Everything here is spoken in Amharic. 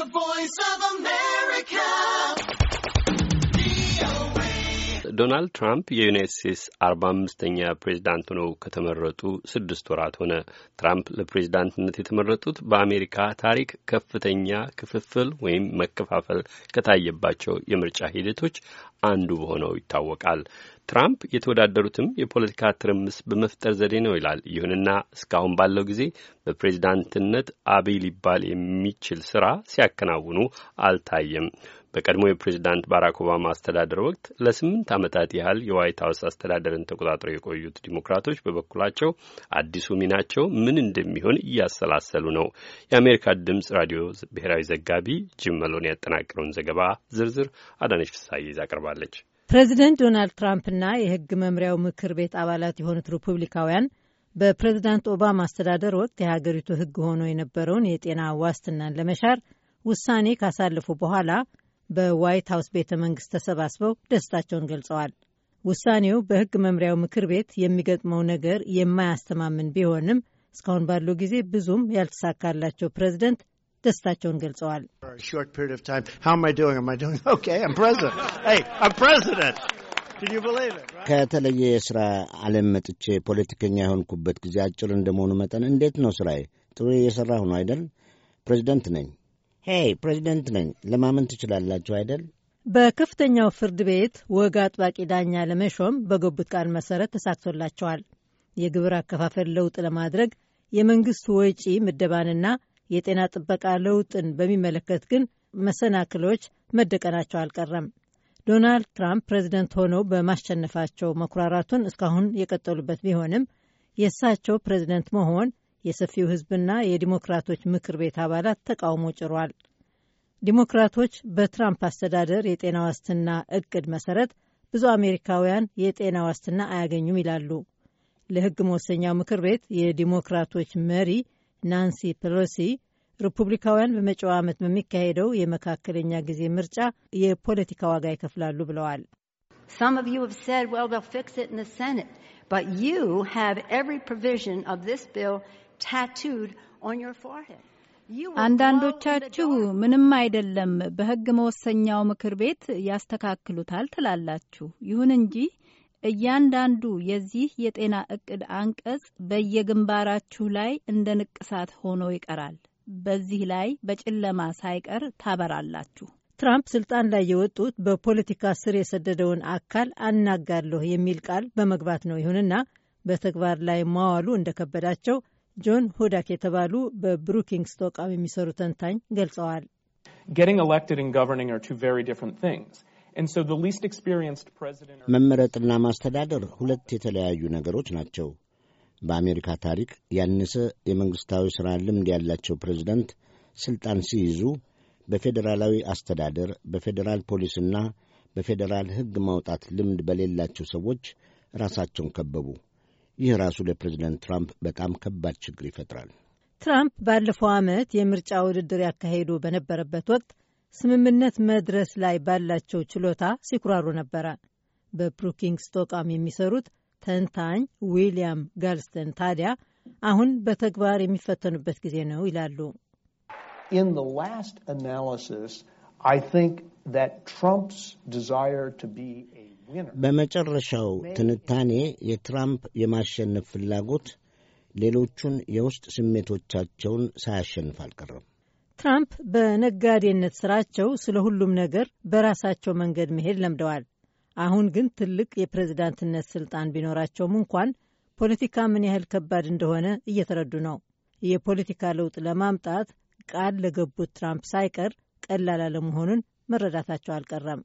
The Voice of a man. ዶናልድ ትራምፕ የዩናይት ስቴትስ አርባ አምስተኛ ፕሬዚዳንት ሆነው ከተመረጡ ስድስት ወራት ሆነ። ትራምፕ ለፕሬዚዳንትነት የተመረጡት በአሜሪካ ታሪክ ከፍተኛ ክፍፍል ወይም መከፋፈል ከታየባቸው የምርጫ ሂደቶች አንዱ በሆነው ይታወቃል። ትራምፕ የተወዳደሩትም የፖለቲካ ትርምስ በመፍጠር ዘዴ ነው ይላል። ይሁንና እስካሁን ባለው ጊዜ በፕሬዚዳንትነት አብይ ሊባል የሚችል ስራ ሲያከናውኑ አልታየም። በቀድሞ የፕሬዚዳንት ባራክ ኦባማ አስተዳደር ወቅት ለስምንት ዓመታት ያህል የዋይት ሀውስ አስተዳደርን ተቆጣጥረው የቆዩት ዲሞክራቶች በበኩላቸው አዲሱ ሚናቸው ምን እንደሚሆን እያሰላሰሉ ነው። የአሜሪካ ድምፅ ራዲዮ ብሔራዊ ዘጋቢ ጅም መሎን ያጠናቀረውን ዘገባ ዝርዝር አዳነች ፍሳይ ይዛ አቅርባለች። ፕሬዚደንት ዶናልድ ትራምፕና የህግ መምሪያው ምክር ቤት አባላት የሆኑት ሪፑብሊካውያን በፕሬዚዳንት ኦባማ አስተዳደር ወቅት የሀገሪቱ ህግ ሆኖ የነበረውን የጤና ዋስትናን ለመሻር ውሳኔ ካሳለፉ በኋላ በዋይት ሀውስ ቤተ መንግስት ተሰባስበው ደስታቸውን ገልጸዋል። ውሳኔው በህግ መምሪያው ምክር ቤት የሚገጥመው ነገር የማያስተማምን ቢሆንም እስካሁን ባለው ጊዜ ብዙም ያልተሳካላቸው ፕሬዝደንት ደስታቸውን ገልጸዋል። ከተለየ የሥራ ዓለም መጥቼ ፖለቲከኛ የሆንኩበት ጊዜ አጭር እንደመሆኑ መጠን እንዴት ነው ሥራዬ? ጥሩ የሠራሁ ነው አይደል? ፕሬዚደንት ነኝ። ሄይ ፕሬዚደንት ነኝ ለማመን ትችላላችሁ አይደል? በከፍተኛው ፍርድ ቤት ወግ አጥባቂ ዳኛ ለመሾም በገቡት ቃል መሰረት ተሳክቶላቸዋል። የግብር አከፋፈል ለውጥ ለማድረግ የመንግስት ወጪ ምደባንና የጤና ጥበቃ ለውጥን በሚመለከት ግን መሰናክሎች መደቀናቸው አልቀረም። ዶናልድ ትራምፕ ፕሬዚደንት ሆነው በማሸነፋቸው መኩራራቱን እስካሁን የቀጠሉበት ቢሆንም የእሳቸው ፕሬዚደንት መሆን የሰፊው ህዝብና የዲሞክራቶች ምክር ቤት አባላት ተቃውሞ ጭሯል። ዲሞክራቶች በትራምፕ አስተዳደር የጤና ዋስትና እቅድ መሰረት ብዙ አሜሪካውያን የጤና ዋስትና አያገኙም ይላሉ። ለሕግ መወሰኛው ምክር ቤት የዲሞክራቶች መሪ ናንሲ ፔሎሲ ሪፑብሊካውያን በመጪው ዓመት በሚካሄደው የመካከለኛ ጊዜ ምርጫ የፖለቲካ ዋጋ ይከፍላሉ ብለዋል። አንዳንዶቻችሁ ምንም አይደለም፣ በሕግ መወሰኛው ምክር ቤት ያስተካክሉታል ትላላችሁ። ይሁን እንጂ እያንዳንዱ የዚህ የጤና እቅድ አንቀጽ በየግንባራችሁ ላይ እንደ ንቅሳት ሆኖ ይቀራል። በዚህ ላይ በጨለማ ሳይቀር ታበራላችሁ። ትራምፕ ስልጣን ላይ የወጡት በፖለቲካ ስር የሰደደውን አካል አናጋለሁ የሚል ቃል በመግባት ነው። ይሁንና በተግባር ላይ ማዋሉ እንደከበዳቸው ጆን ሁዳክ የተባሉ በብሩኪንግስ ተቋም የሚሰሩ ተንታኝ ገልጸዋል። መመረጥና ማስተዳደር ሁለት የተለያዩ ነገሮች ናቸው። በአሜሪካ ታሪክ ያነሰ የመንግሥታዊ ሥራ ልምድ ያላቸው ፕሬዝደንት ሥልጣን ሲይዙ በፌዴራላዊ አስተዳደር፣ በፌዴራል ፖሊስና በፌዴራል ሕግ ማውጣት ልምድ በሌላቸው ሰዎች ራሳቸውን ከበቡ። ይህ ራሱ ለፕሬዚደንት ትራምፕ በጣም ከባድ ችግር ይፈጥራል። ትራምፕ ባለፈው ዓመት የምርጫ ውድድር ያካሄዱ በነበረበት ወቅት ስምምነት መድረስ ላይ ባላቸው ችሎታ ሲኩራሩ ነበረ። በብሩኪንግስ ጦቃም የሚሰሩት ተንታኝ ዊሊያም ጋልስተን ታዲያ አሁን በተግባር የሚፈተኑበት ጊዜ ነው ይላሉ። በመጨረሻው ትንታኔ የትራምፕ የማሸነፍ ፍላጎት ሌሎቹን የውስጥ ስሜቶቻቸውን ሳያሸንፍ አልቀረም። ትራምፕ በነጋዴነት ስራቸው ስለ ሁሉም ነገር በራሳቸው መንገድ መሄድ ለምደዋል። አሁን ግን ትልቅ የፕሬዝዳንትነት ስልጣን ቢኖራቸውም እንኳን ፖለቲካ ምን ያህል ከባድ እንደሆነ እየተረዱ ነው። የፖለቲካ ለውጥ ለማምጣት ቃል ለገቡት ትራምፕ ሳይቀር ቀላል አለመሆኑን መረዳታቸው አልቀረም።